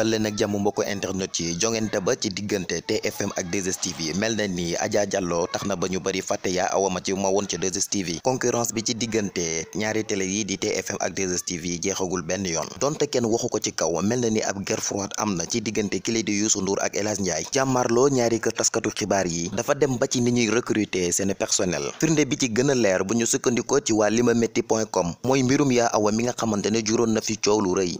tal leen ak jàmm mbokku internet yi jongante ba ci diggante TFM ak 2STV mel na ni Adja tax na ba ñu bëri fàtte yaa Awa Mathieu ma woon ci 2STV concurrence bi ci diggante ñaari télé yi di TFM ak 2STV jeexagul benn yoon donte kenn waxu ko ci kaw mel na ni ab guerre froide am na ci diggante kile di Youssou Ndour ak El Hadj Ndiaye ñaari kër taskatu xibaar yi dafa dem ba ci ni ñuy recruter seen personnel firnde bi ci gën a leer bu ñu sukkandikoo ci waa limametti point com mooy mbirum yaa Awa mi nga xamante ne juróon na fi coow lu rëy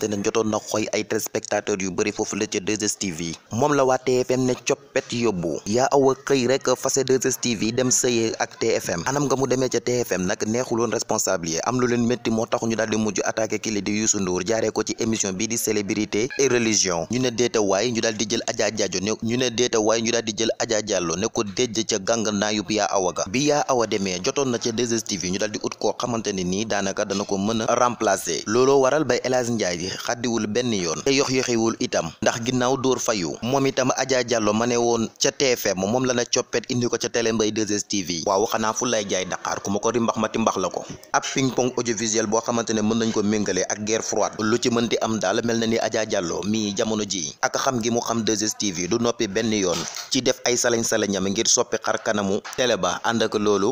xamante ne jotoon na xooy ay téléspectateurs yu bëri foofu la ca 2STV moom la waa TFM ne coppet yóbbu yaa awa xëy rek fase 2STV dem sëyee ak TFM anam nga mu demee ca TFM nag neexuloon responsable yi am lu leen métti moo tax ñu daal di mujj attaqué kili di Youssou Ndour jaare ko ci émission bii di célébrité et religion ñu ne déeta waay ñu daal di jël Adja Diallo ne ñu ne déeta waay ñu daal di jël Adja Diallo ne ko déjj ca gàng naayub yaa awa ga bi yaa awa demee jotoon na ca 2STV ñu daal di ut koo xamante ne nii dana ko mën a remplacer looloo waral bay El Ndiaye gi xaddiwul benn yoon te yox yoxiwul itam ndax ginnaaw dóor fayu moom itam Adja Diallo ma ne woon ca TFM moom la na coppet indi ko ca télé Mbaye 2 waaw xanaa fu jaay Dakar ku ma ko rimbax ma timbax la ko ab ping pong audiovisuel boo xamante ne mën nañ ko méngale ak guerre froide lu ci mënti am daal mel na ni Adja Diallo mii jamono ji ak xam gi mu xam 2 du noppi benn yoon ci def ay salañ-salañam ngir soppi xar kanamu télé ba ànd ak loolu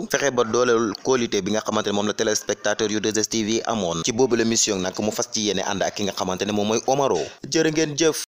ki nga xamante ne moom mooy Omaro jërë ngeen jëf